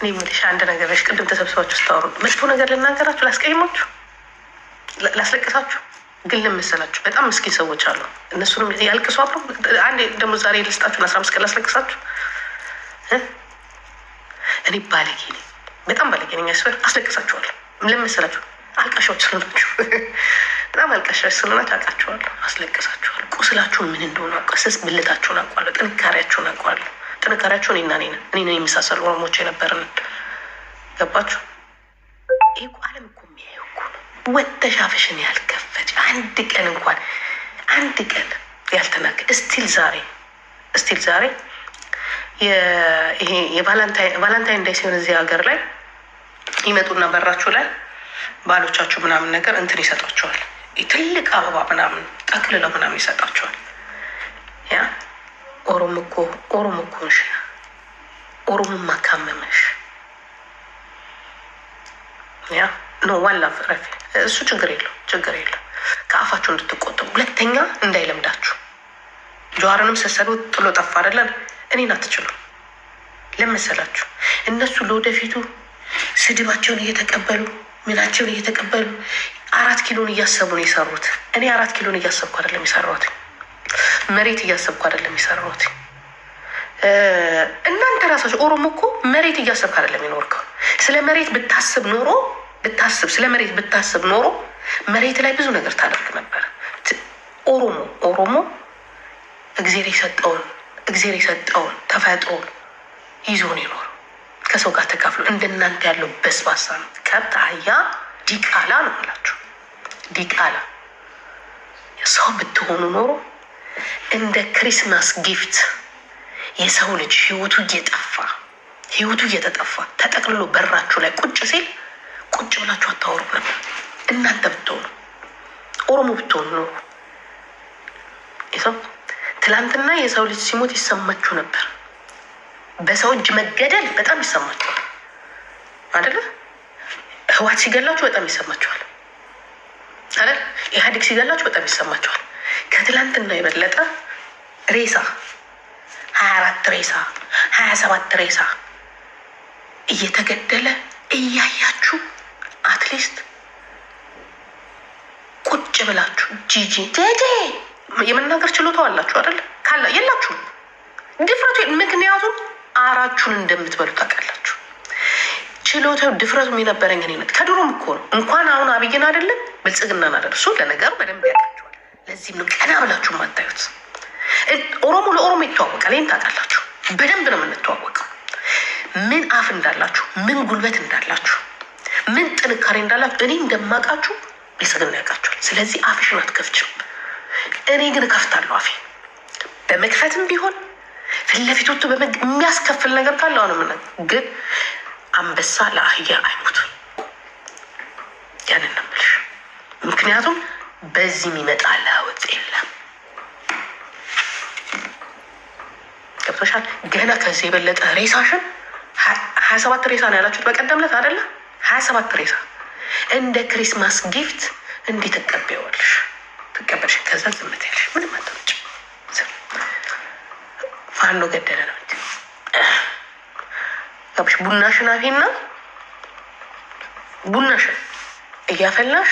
እኔ የምልሽ አንድ ነገር ነሽ። ቅድም ተሰብስባችሁ ስታወሩ መጥፎ ነገር ልናገራችሁ፣ ላስቀይማችሁ፣ ላስለቅሳችሁ ግን ለመሰላችሁ በጣም ምስኪን ሰዎች አሉ። እነሱንም ያልቅሱ አሉ። አንድ ደግሞ ዛሬ ልስጣችሁ፣ ለአስራ አምስት ቀን ላስለቅሳችሁ። እኔ ባለጌ ነኝ፣ በጣም ባለጌ ነኝ። ያስፈር አስለቅሳችኋል። ለመሰላችሁ አልቃሻዎች ስለሆናችሁ፣ በጣም አልቃሻዎች ስለሆናችሁ አውቃችኋለሁ፣ አስለቅሳችኋል። ቁስላችሁ ምን እንደሆነ አውቃ ስስ ብልታችሁን አውቃለሁ፣ ጥንካሬያችሁን አውቃለሁ። ጥንካሬያቸው እኔና እኔ ነን። እኔ የሚሳሰሉ ኦሮሞች የነበርን ገባችሁ? ይህ ዓለም እኮ የሚያየው እኮ ነው። ወጥተሽ አፍሽን ያልከፈች አንድ ቀን እንኳን አንድ ቀን ያልተናገ እስቲል ዛሬ እስቲል ዛሬ ይሄ የቫላንታይን ዳይ ሲሆን እዚህ ሀገር ላይ ይመጡና በራችሁ ላይ ባሎቻችሁ ምናምን ነገር እንትን ይሰጧቸዋል። ትልቅ አበባ ምናምን ጠቅልለው ምናምን ይሰጣቸዋል ያ ኦሮሞ እኮ ኦሮሞ እኮ ነሽ። ኦሮሞ ማካመመሽ ያ ኖ ዋላ ፍረፊ እሱ ችግር የለው ችግር የለው። ከአፋችሁ እንድትቆጠቡ ሁለተኛ እንዳይለምዳችሁ። ጀዋርንም ስትሰድቡት ጥሎ ጠፋ አይደለን? እኔን አትችሉ ለመሰላችሁ እነሱ ለወደፊቱ ስድባቸውን እየተቀበሉ ምናቸውን እየተቀበሉ አራት ኪሎን እያሰቡ ነው የሰሩት። እኔ አራት ኪሎን እያሰብኩ አይደለም የሰራሁት። መሬት እያሰብኩ አይደለም የሰራሁት። እናንተ ራሳችሁ ኦሮሞ እኮ መሬት እያሰብክ አይደለም የኖርከው። ስለ መሬት ብታስብ ኖሮ ብታስብ ስለ መሬት ብታስብ ኖሮ መሬት ላይ ብዙ ነገር ታደርግ ነበር። ኦሮሞ ኦሮሞ እግዜር የሰጠውን እግዜር የሰጠውን ተፈጥሮን ይዞን ይኖር ከሰው ጋር ተካፍሎ እንደናንተ ያለው በስባሳ ከብት፣ አህያ፣ ዲቃላ ነው ላችሁ ዲቃላ ሰው ብትሆኑ ኖሮ እንደ ክሪስማስ ጊፍት የሰው ልጅ ህይወቱ እየጠፋ ህይወቱ እየተጠፋ ተጠቅልሎ በራችሁ ላይ ቁጭ ሲል ቁጭ ብላችሁ አታወሩ እናንተ ብትሆኑ ኦሮሞ ብትሆኑ ኖሩ ትላንትና የሰው ልጅ ሲሞት ይሰማችሁ ነበር። በሰው እጅ መገደል በጣም ይሰማችኋል አደለ? ህዋት ሲገላችሁ በጣም ይሰማችኋል አደለ? ኢህአዴግ ሲገላችሁ በጣም ይሰማችኋል። ከትላንትና የበለጠ ሬሳ ሀያ አራት ሬሳ ሀያ ሰባት ሬሳ እየተገደለ እያያችሁ አትሊስት ቁጭ ብላችሁ ጂጂ ጄጄ የመናገር ችሎታው አላችሁ አይደል? ካለ የላችሁም። ድፍረቱ ምክንያቱም አራችሁን እንደምትበሉ ታውቃላችሁ። ችሎታው ድፍረቱ የነበረኝ እኔ ከድሮም እኮ ነው። እንኳን አሁን አብይን አይደለም ብልጽግናን አይደል? እሱ ለነገሩ በደንብ ያውቃቸዋል። ለዚህ ነው ቀና ብላችሁ ማታዩት። ኦሮሞ ለኦሮሞ ይተዋወቃል። ይህን ታውቃላችሁ። በደንብ ነው የምንተዋወቀው። ምን አፍ እንዳላችሁ፣ ምን ጉልበት እንዳላችሁ፣ ምን ጥንካሬ እንዳላችሁ እኔ እንደማውቃችሁ ብልጽግና ያውቃችኋል። ስለዚህ አፍሽን አትከፍችም። እኔ ግን እከፍታለሁ አፌ በመክፈትም ቢሆን ፊት ለፊት ወጥቶ የሚያስከፍል ነገር ካለ አሁንም ግን አንበሳ ለአህያ አይሞት። ያንን ነው የምልሽ ምክንያቱም በዚህም ይመጣል ለውጥ የለም። ገብቶሻል። ገና ከዚህ የበለጠ ሬሳሽን ሀያ ሰባት ሬሳ ነው ያላችሁት በቀደም ዕለት አይደለ? ሀያ ሰባት ሬሳ እንደ ክሪስማስ ጊፍት እንዲህ ትቀበያለሽ ትቀበልሽ። ከዛ ዝምት ትያለሽ። ምንም አታመጭም። ፋኖ ገደለ ነው ቡናሽን አፊና ቡናሽን እያፈላሽ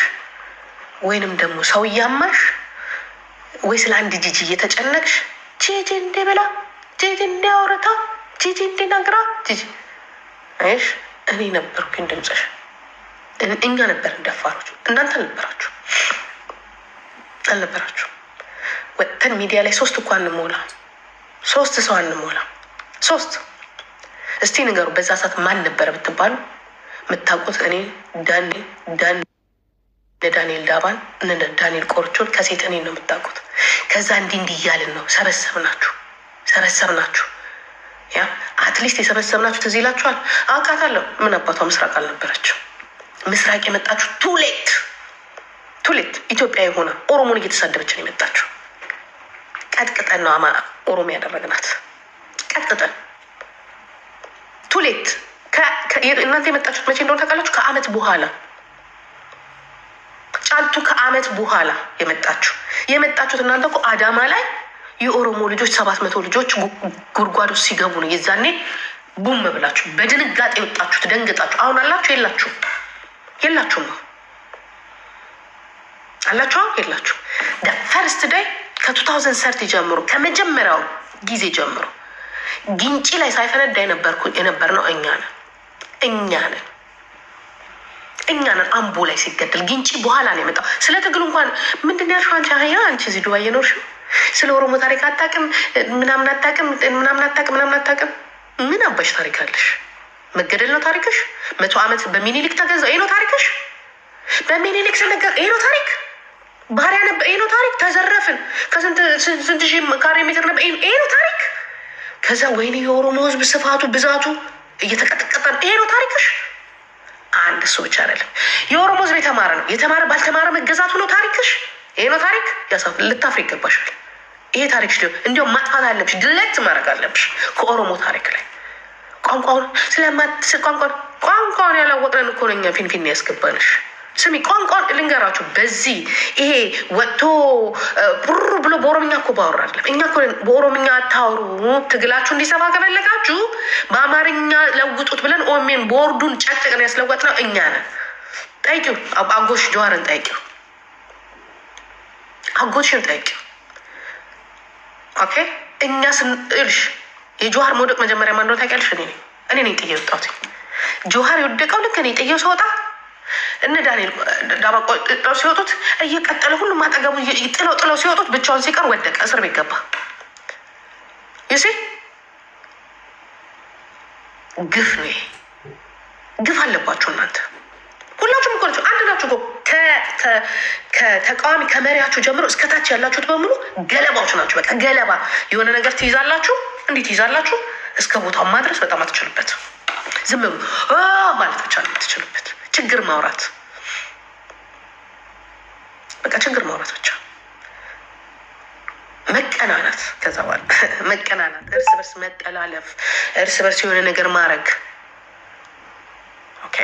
ወይንም ደግሞ ሰው እያማሽ ወይ ስለ አንድ ጂጂ እየተጨነቅሽ ጂጂ እንዴ ብላ ጂጂ እንዴ አውርታ ጂጂ እንዴ ነግራ ጂጂ አይሽ እኔ ነበርኩኝ ድምፅሽ። እኛ ነበር እንደፋሮች፣ እናንተ አልነበራችሁ አልነበራችሁ። ወጥተን ሚዲያ ላይ ሶስት እኳ አንሞላ፣ ሶስት ሰው አንሞላ፣ ሶስት እስቲ ንገሩ። በዛ ሰዓት ማን ነበረ ብትባሉ የምታውቁት እኔ ዳኔ ዳኔ ዳንኤል ዳባን ዳንኤል ቆርቾን ከሴት እኔን ነው የምታውቁት። ከዛ እንዲህ እንዲህ እያልን ነው ሰበሰብናችሁ ሰበሰብናችሁ። ያ አትሊስት የሰበሰብናችሁ ትዝ ይላችኋል። አውቃታለሁ። ምን አባቷ ምስራቅ አልነበረችው። ምስራቅ የመጣችሁ ቱሌት ቱሌት ኢትዮጵያ የሆነ ኦሮሞን እየተሳደበች ነው የመጣችሁ። ቀጥቅጠን ነው አማራ ኦሮሞ ያደረግናት። ቀጥቅጠን ቱሌት እናንተ የመጣችሁት መቼ እንደሆነ ታውቃላችሁ? ከአመት በኋላ የመጣችሁ ከአመት በኋላ የመጣችሁ የመጣችሁት እናንተ እኮ አዳማ ላይ የኦሮሞ ልጆች ሰባት መቶ ልጆች ጉድጓዱ ሲገቡ ነው። የዛኔ ቡም ብላችሁ በድንጋጤ የወጣችሁት ደንግጣችሁ። አሁን አላችሁ የላችሁ የላችሁም ነው አላችሁ አሁን የላችሁ ፈርስት ደይ ከቱ ታውዘንድ ሰርቲ ጀምሮ ከመጀመሪያው ጊዜ ጀምሮ ግንጪ ላይ ሳይፈነዳ የነበርኩ የነበር ነው እኛ ነን እኛ ነን እኛ ነን አምቦ ላይ ሲገደል። ግንጪ በኋላ ነው የመጣው። ስለ ትግሉ እንኳን ምንድን ያልሽው አንቺ አህያ፣ አንቺ እዚህ ዱባይ የኖርሽው ስለ ኦሮሞ ታሪክ አታውቅም፣ ምናምን አታውቅም፣ ምናምን አታውቅም፣ ምናምን አታውቅም። ምን አባሽ ታሪክ አለሽ? መገደል ነው ታሪክሽ? መቶ ዓመት በሚኒሊክ ተገዛ ይሄ ነው ታሪክሽ? በሚኒሊክ ስነገር ይሄ ነው ታሪክ? ባህሪያ ነበ፣ ይሄ ነው ታሪክ? ተዘረፍን ከስንት ሺህ ካሬ ሜትር ነበ፣ ይሄ ነው ታሪክ? ከዛ ወይኔ የኦሮሞ ህዝብ ስፋቱ ብዛቱ እየተቀጠቀጠ ይሄ ነው ታሪክሽ? አንድ ሰዎች ብቻ አይደለም። የኦሮሞ ህዝብ የተማረ ነው። የተማረ ባልተማረ መገዛቱ ነው ታሪክሽ። ይሄ ነው ታሪክ። ልታፍር ይገባሻል። ይሄ ታሪክ ሽ እንዲሁም ማጥፋት አለብሽ፣ ድለት ማድረግ አለብሽ ከኦሮሞ ታሪክ ላይ ቋንቋውን ስለማትስ ቋንቋ ቋንቋውን ያላወቅነን እኮ ነው እኛ ፊንፊኔ ያስገባንሽ። ስሚ ቋንቋ ልንገራችሁ። በዚህ ይሄ ወጥቶ ቡሩ ብሎ በኦሮምኛ እኮ ባወራ አይደለም። እኛ እኮ በኦሮምኛ አታውሩ፣ ትግላችሁ እንዲሰፋ ከፈለጋችሁ በአማርኛ ለውጡት ብለን ኦሜን ቦርዱን ጨቅጨቅን ያስለወጥ ነው እኛ ነን። ጠይቂው፣ አጎሽ ጀዋርን ጠይቂው፣ አጎሽን ጠይቂው። ኦኬ እኛ ስንልሽ የጀዋር መውደቅ መጀመሪያ ማንዶ ታውቂያለሽ? እኔ እኔ ጥዬ ወጣሁት። ጀዋር የወደቀው ልክ እኔ ጥዬው ሰወጣ እነ ዳንኤል ዳማቆ ጥለው ሲወጡት እየቀጠለ ሁሉም አጠገቡ ጥለው ጥለው ሲወጡት ብቻውን ሲቀር ወደቀ፣ እስር ቤት ገባ። ይሲ ግፍ ነው ግፍ አለባችሁ እናንተ ሁላችሁም እኮ ናችሁ። አንድ ናችሁ ከተቃዋሚ ከመሪያችሁ ጀምሮ እስከታች ያላችሁት በሙሉ ገለባዎች ናችሁ። በቃ ገለባ የሆነ ነገር ትይዛላችሁ፣ እንዲህ ትይዛላችሁ። እስከ ቦታው ማድረስ በጣም አትችሉበት። ዝም ማለት ብቻ ነው የምትችሉበት። ችግር ማውራት በቃ ችግር ማውራት ብቻ መቀናናት፣ ከዛ በኋላ መቀናናት፣ እርስ በርስ መጠላለፍ፣ እርስ በርስ የሆነ ነገር ማድረግ። ኦኬ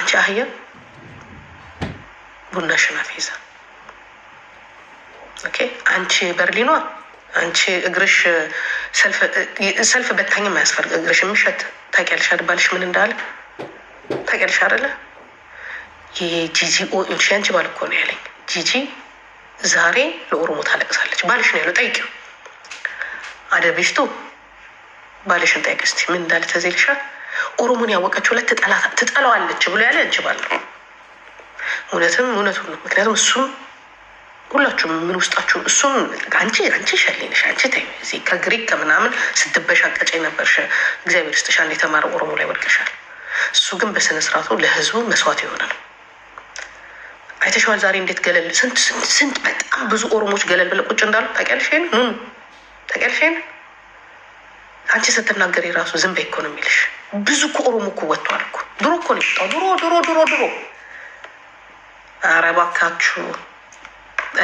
አንቺ አህያ ቡና ሽናፍ ይዛ፣ ኦኬ አንቺ በርሊኗ፣ አንቺ እግርሽ ሰልፍ በታኝም አያስፈልግ እግርሽ የሚሸት ታውቂያለሽ። ባልሽ ምን እንዳለ ታውቂያለሽ አይደለ? የጂጂ ኦንሽ አንቺ ባል እኮ ነው ያለኝ። ጂጂ ዛሬ ለኦሮሞ ታለቅሳለች። ባልሽ ነው ያለው። ጠይቂው አደቤሽቱ ባልሽን ጠይቅ እስኪ ምን እንዳለ ተዜልሻል። ኦሮሞን ያወቀችው ለት ትጠላዋለች ብሎ ያለ አንቺ ባል ነው። እውነትም እውነቱ ነው። ምክንያቱም እሱም ሁላችሁም ምን ውስጣችሁ እሱም አንቺ አንቺ ሸሌነሽ አንቺ ታይ ከግሪክ ከምናምን ስትበሻቀጭ ነበርሽ። እግዚአብሔር ስጥሻ የተማረ ኦሮሞ ላይ ወድቀሻል። እሱ ግን በስነ ስርዓቱ ለህዝቡ መስዋዕት ይሆናል። አይተሸዋል። ዛሬ እንዴት ገለል ስንት በጣም ብዙ ኦሮሞች ገለል ብለው ቁጭ እንዳሉ ታውቂያለሽ። ኑ ኑን ታውቂያለሽ። አንቺ ስትናገር የራሱ ዝም በይ እኮ ነው የሚልሽ። ብዙ እኮ ኦሮሞ እኮ ወጥቷል እኮ ድሮ እኮ ነው የወጣው። ድሮ ድሮ ድሮ ድሮ ኧረ እባካችሁ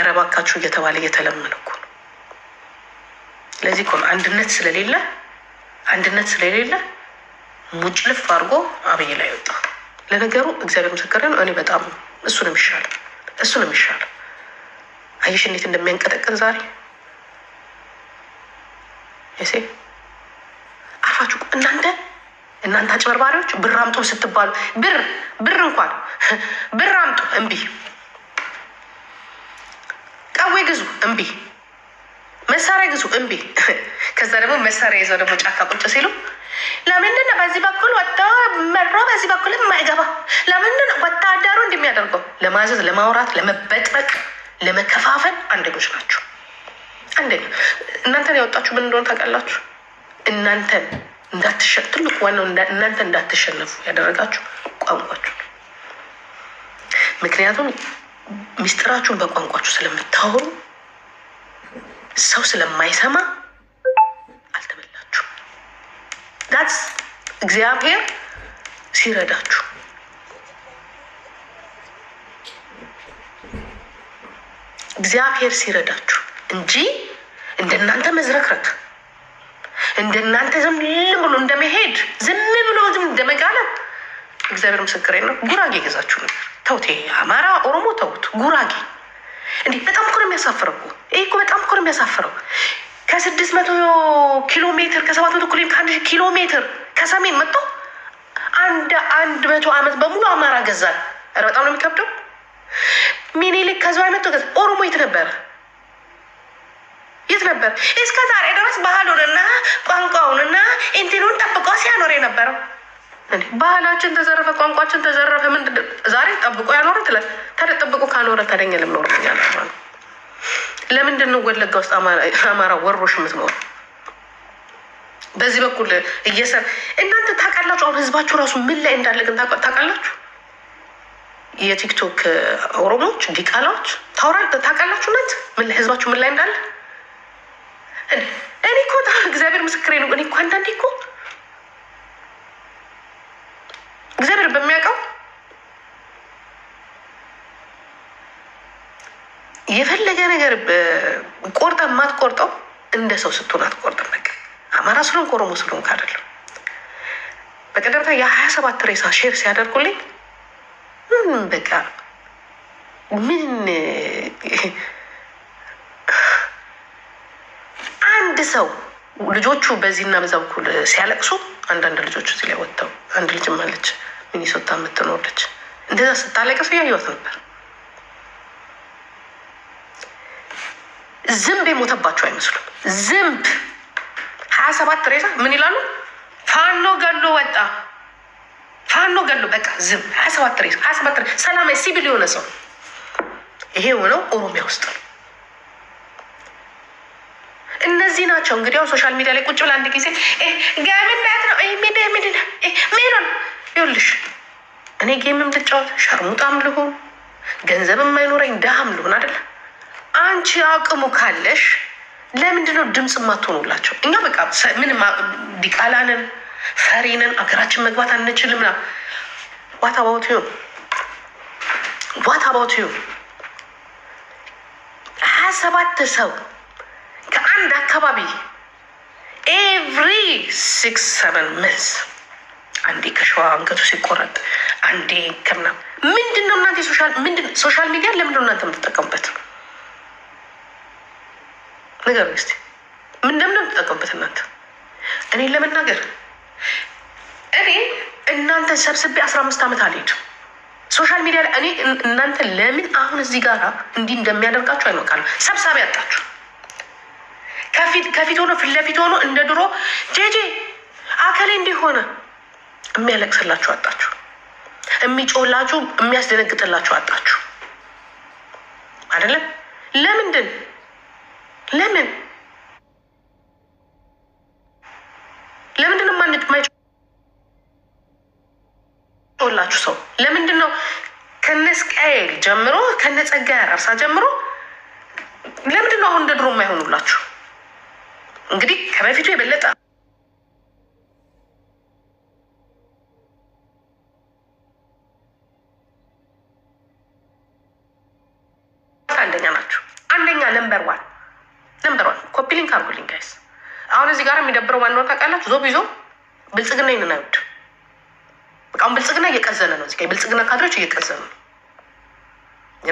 ኧረ እባካችሁ እየተባለ እየተለመነ እኮ ነው። ለዚህ እኮ ነው አንድነት ስለሌለ አንድነት ስለሌለ ሙጭልፍ አድርጎ አብይ ላይ ወጣ። ለነገሩ እግዚአብሔር ምስክር ነው። እኔ በጣም እሱ ነው የሚሻለው፣ እሱ ነው አየሽ እንዴት እንደሚያንቀጠቅጥ ዛሬ ሴ አፋችሁ እናንተ እናንተ አጭበርባሪዎች ብር አምጡ ስትባሉ ብር ብር እንኳን ብር አምጡ እምቢ፣ ቀዌ ግዙ እምቢ መሳሪያ ግዙ እምቢ። ከዛ ደግሞ መሳሪያ ይዘው ደግሞ ጫካ ቁጭ ሲሉ ለምንድን ነው በዚህ በኩል ወጣ መራ በዚህ በኩል የማይገባ ለምንድን ነው ወታደሩ እንደሚያደርገው ለማዘዝ፣ ለማውራት፣ ለመበጥበቅ፣ ለመከፋፈል አንደኞች ናቸው። አንደኛ እናንተን ያወጣችሁ ምን እንደሆነ ታውቃላችሁ? እናንተን እንዳትሸ ትልቁ ዋናው እናንተ እንዳትሸነፉ ያደረጋችሁ ቋንቋችሁ። ምክንያቱም ሚስጥራችሁን በቋንቋችሁ ስለምታወሩ ሰው ስለማይሰማ አልተበላችሁ ዳትስ እግዚአብሔር ሲረዳችሁ እግዚአብሔር ሲረዳችሁ እንጂ እንደናንተ መዝረክረክ እንደናንተ ዝም ብሎ እንደመሄድ ዝም ብሎ ዝም እንደመጋለም እግዚአብሔር ምስክሬ ነው። ጉራጌ ገዛችሁ ነበር። ተውቴ አማራ ኦሮሞ ተውት፣ ጉራጌ እንዴ በጣም እኮ ነው የሚያሳፍረው። ይሄ እኮ በጣም እኮ ነው የሚያሳፍረው። ከስድስት መቶ ኪሎ ሜትር ከሰባት መቶ ከአንድ ሺህ ኪሎ ሜትር ከሰሜን መጥቶ አንድ አንድ መቶ አመት በሙሉ አማራ ገዛል። ኧረ በጣም ነው የሚከብደው። ሚኒሊክ ከዚያ መጥቶ ገዛ። ኦሮሞ የት ነበር? የት ነበር? እስከ ዛሬ ድረስ ባህሉንና ቋንቋውንና ኢንቲኑን ጠብቆ ሲያኖር የነበረው ባህላችን ተዘረፈ፣ ቋንቋችን ተዘረፈ። ምን ዛሬ ጠብቆ ያኖረ ትላል። ታዲያ ጠብቆ ካኖረ ታደኛ ለምን ወረኛ ነው? ለምንድን ነው ወለጋ ውስጥ አማራ ወሮሽ የምትኖር? በዚህ በኩል እየሰር እናንተ ታውቃላችሁ። አሁን ህዝባችሁ ራሱ ምን ላይ እንዳለ ግን ታውቃላችሁ። የቲክቶክ ኦሮሞዎች ዲቃላዎች ታውራ ታውቃላችሁ። እናንተ ምን ላይ ህዝባችሁ ምን ላይ እንዳለ እኔ እኮ እግዚአብሔር ምስክሬ ነው። እኔ እኮ አንዳንዴ እኮ በደንብ የሚያውቀው የፈለገ ነገር ቆርጠ የማትቆርጠው እንደ ሰው ስትሆን አትቆርጥም። በቃ አማራ ስለሆንክ ኦሮሞ ስለሆንክ አይደለም። በቀደምታ የሀያ ሰባት ሬሳ ሼር ሲያደርጉልኝ በቃ ምን አንድ ሰው ልጆቹ በዚህና በዛ በኩል ሲያለቅሱ አንዳንድ ልጆቹ እዚህ ላይ ወጥተው አንድ ልጅም አለች ሚኒሶታ የምትኖር ልጅ እንደዛ ስታለቅስ እያየኋት ነበር። ዝንብ የሞተባቸው አይመስሉም። ዝንብ ሀያ ሰባት ሬሳ ምን ይላሉ? ፋኖ ገሎ ወጣ፣ ፋኖ ገሎ በቃ ዝም ሀያ ሰባት ሬሳ ሀያ ሰባት ሬሳ ሰላማዊ ሲቪል የሆነ ሰው ይሄ የሆነው ኦሮሚያ ውስጥ ነው። እነዚህ ናቸው እንግዲህ ያው ሶሻል ሚዲያ ላይ ቁጭ ብላ አንድ ጊዜ ገምነት ነው ሚድ ምን ይኸውልሽ እኔ ጌምም ልጫወት ሸርሙጣም ልሁን ገንዘብ የማይኖረኝ ድሃም ልሆን አደለ አንቺ አቅሙ ካለሽ ለምንድን ነው ድምፅ የማትሆኑላቸው? እኛ በቃ ምንም ዲቃላንን ፈሪንን አገራችን መግባት አንችልም ና ዋት አባውት ዩ ዋት አባውት ዩ ሀያ ሰባት ሰው ከአንድ አካባቢ ኤቭሪ ሲክስ ሰቨን መልስ አንዴ ከሸዋ አንገቱ ሲቆረጥ፣ አንዴ ከምና ምንድን ነው እናንተ ሶሻል ሚዲያ ለምንድን ነው እናንተ የምትጠቀሙበት? ነገር ስ ምንደምን የምትጠቀሙበት እናንተ እኔ ለመናገር እኔ እናንተን ሰብስቤ አስራ አምስት ዓመት አልሄድም ሶሻል ሚዲያ ላይ እኔ እናንተ ለምን አሁን እዚህ ጋር እንዲህ እንደሚያደርጋችሁ አይመቃሉ። ሰብሳቢ ያጣችሁ ከፊት ከፊት ሆኖ ፊት ለፊት ሆኖ እንደ ድሮ ጄጄ አከሌ እንዲሆነ የሚያለቅስላችሁ አጣችሁ፣ የሚጮላችሁ የሚያስደነግጥላችሁ አጣችሁ። አይደለም ለምንድን ለምን ለምንድን ሰው ለምንድን ነው? ከነ ጀምሮ ከነጸጋ ጸጋ ጀምሮ ለምንድን ነው አሁን እንደ ድሮ የማይሆኑላችሁ? እንግዲህ ከበፊቱ የበለጠ ዞ ቢዞ ብልጽግና ይንናዩድ በቃም ብልጽግና እየቀዘነ ነው። እዚህ የብልጽግና ካድሬዎች እየቀዘኑ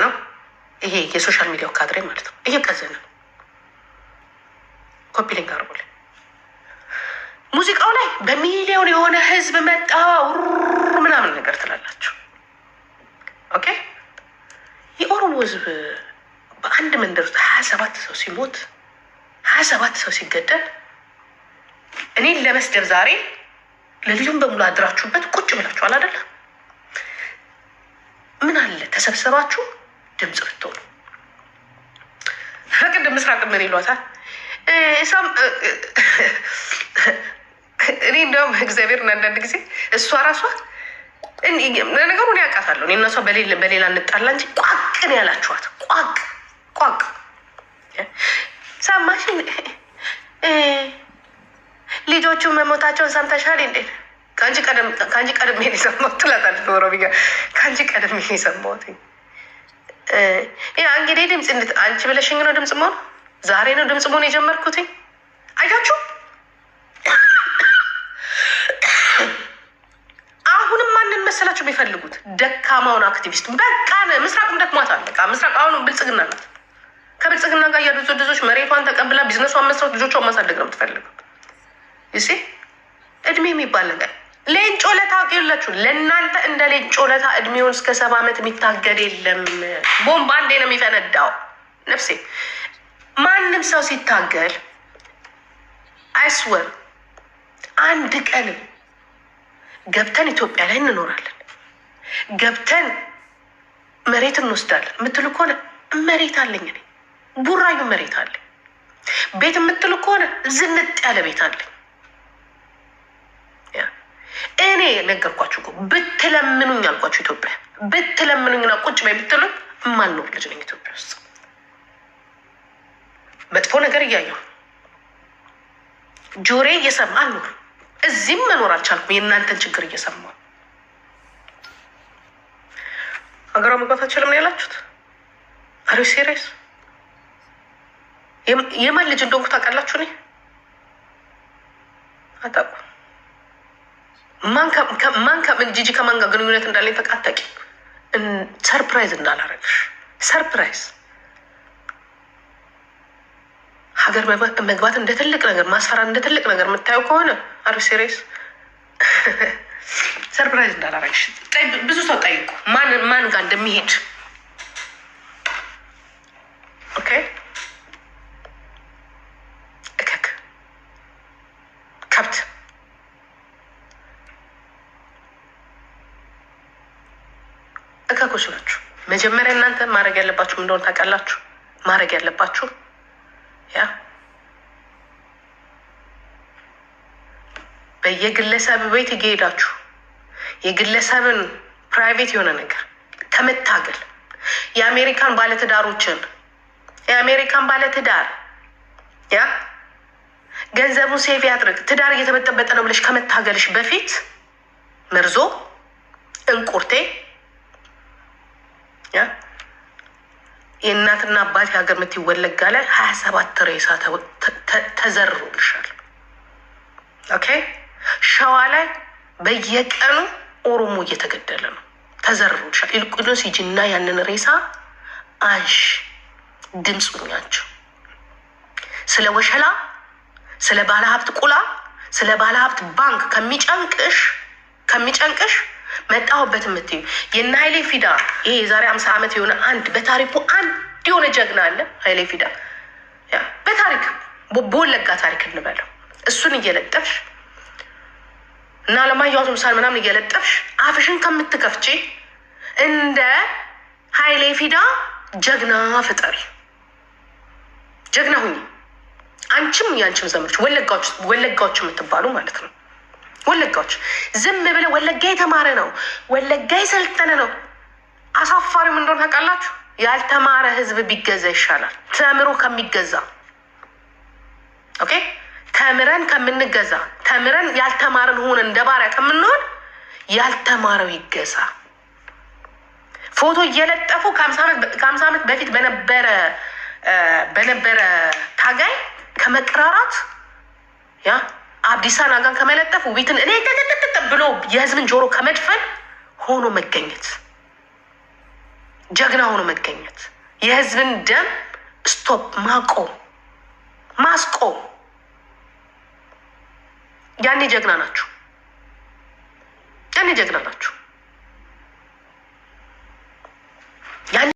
ነው። ይሄ የሶሻል ሚዲያው ካድሬ ማለት ነው እየቀዘነ ነው። ኮፒ ሊንክ አርጎል ሙዚቃው ላይ በሚሊዮን የሆነ ህዝብ መጣ ውር ምናምን ነገር ትላላችሁ። ኦኬ የኦሮሞ ህዝብ በአንድ መንደር ውስጥ ሀያ ሰባት ሰው ሲሞት ሀያ ሰባት ሰው ሲገደል እኔን ለመስደብ ዛሬ ለልዩም በሙሉ አድራችሁበት ቁጭ ብላችኋል አይደለም። ምን አለ ተሰብሰባችሁ ድምፅ ብትሆኑ። ቅድም ምስራቅ ምን ይሏታል? እኔ እንዲያውም እግዚአብሔር አንዳንድ ጊዜ እሷ ራሷ ነገሩን ያውቃታለሁ። እኔ እነሷ በሌላ እንጣላ እንጂ ቋቅን ያላችኋት ቋቅ ቋቅ ሰማሽን ልጆቹ መሞታቸውን ሰምተሻል እንዴ? ከአንቺ ቀድሜ ነው የሰማሁት ትላታለች ኦሮምኛ። ከአንቺ ቀድሜ ነው የሰማሁት። እንግዲህ ድምፅ አንቺ ብለሽኝ ነው ድምፅ መሆን ዛሬ ነው ድምፅ መሆን የጀመርኩት። አያችሁ አሁንም ማንን መሰላችሁ የሚፈልጉት ደካማውን አክቲቪስቱ። በቃ ምስራቅም ደክሟታል። በቃ ምስራቅ አሁኑ ብልጽግና ናት። ከብልጽግና ጋር ያሉ ድዞች መሬቷን ተቀብላ ቢዝነሷን መስራት ልጆቿን ማሳደግ ነው የምትፈልገው። ይሴ እድሜ የሚባል ነገር ሌንጮ ለታ የላችሁ ለእናንተ እንደ ሌንጮ ለታ እድሜውን እስከ ሰባ ዓመት የሚታገድ የለም። ቦምብ አንዴ ነው የሚፈነዳው። ነፍሴ ማንም ሰው ሲታገል አይስወር አንድ ቀንም ገብተን ኢትዮጵያ ላይ እንኖራለን፣ ገብተን መሬት እንወስዳለን የምትሉ ከሆነ መሬት አለኝ እኔ ቡራዩ መሬት አለኝ። ቤት የምትሉ ከሆነ ዝንጥ ያለ ቤት አለኝ። እኔ ነገርኳችሁ እኮ ብትለምኑኝ አልኳችሁ። ኢትዮጵያ ብትለምኑኝና ቁጭ በይ ብትሉኝ የማልኖር ልጅ ነኝ። ኢትዮጵያ ውስጥ መጥፎ ነገር እያየሁ ጆሬ እየሰማ አልኖር፣ እዚህም መኖር አልቻልኩም። የእናንተን ችግር እየሰማ ሀገራ መግባት አልችልም ነው ያላችሁት። አሪ ሴሪየስ የማን ልጅ እንደሆንኩ ታውቃላችሁ? እኔ ማን ከጂጂ ከማን ጋር ግንኙነት እንዳለኝ ተቃጠቂ ሰርፕራይዝ እንዳላረግሽ ሰርፕራይዝ ሀገር መግባት እንደ ትልቅ ነገር ማስፈራት እንደ ትልቅ ነገር የምታየው ከሆነ አር ሴሪየስ ሰርፕራይዝ እንዳላረግሽ ብዙ ሰው ጠይቁ ማን ማን ጋር እንደሚሄድ እከኮች ናችሁ። መጀመሪያ እናንተ ማድረግ ያለባችሁ እንደሆነ ታውቃላችሁ። ማድረግ ያለባችሁ ያ በየግለሰብ ቤት እየሄዳችሁ የግለሰብን ፕራይቬት የሆነ ነገር ከመታገል የአሜሪካን ባለትዳሮችን የአሜሪካን ባለትዳር ያ ገንዘቡን ሴቭ ያድርግ ትዳር እየተበጠበጠ ነው ብለሽ ከመታገልሽ በፊት መርዞ እንቁርቴ የእናትና አባት የሀገር ምት ወለጋ ላይ ሀያ ሰባት ሬሳ ተዘርሮልሻል። ኦኬ ሸዋ ላይ በየቀኑ ኦሮሞ እየተገደለ ነው፣ ተዘርሮልሻል። ይልቁንስ ሂጂና ያንን ሬሳ አንሽ፣ ድምፁኛቸው ስለ ወሸላ፣ ስለ ባለሀብት ቁላ፣ ስለ ባለሀብት ባንክ ከሚጨንቅሽ ከሚጨንቅሽ መጣሁበት የምትዩ የነ ሀይሌ ፊዳ ይሄ የዛሬ አምሳ ዓመት የሆነ አንድ በታሪኩ አንድ የሆነ ጀግና አለ ሀይሌ ፊዳ በታሪክ በወለጋ ታሪክ እንበለው እሱን እየለጠፍሽ እና ለማየዋ ምሳል ምናምን እየለጠፍሽ አፍሽን ከምትከፍቼ እንደ ኃይሌ ፊዳ ጀግና ፍጠሪ፣ ጀግና ሁኚ። አንቺም ያንቺም ዘመዶች ወለጋዎች የምትባሉ ማለት ነው። ወለጋዎች ዝም ብለ ወለጋ የተማረ ነው፣ ወለጋ የሰልጠነ ነው። አሳፋሪው እንደሆነ ታውቃላችሁ? ያልተማረ ህዝብ ቢገዛ ይሻላል ተምሮ ከሚገዛ። ኦኬ ተምረን ከምንገዛ ተምረን ያልተማረን ሆነን እንደ ባሪያ ከምንሆን ያልተማረው ይገዛ። ፎቶ እየለጠፉ ከሀምሳ ዓመት በፊት በነበረ በነበረ ታጋይ ከመቅራራት ያ አብዲሳን አጋን ከመለጠፍ ውቢትን እኔ ብሎ የህዝብን ጆሮ ከመድፈን ሆኖ መገኘት ጀግና ሆኖ መገኘት የህዝብን ደም ስቶፕ ማቆም ማስቆም ያኔ ጀግና ናችሁ። ያኔ ጀግና ናችሁ።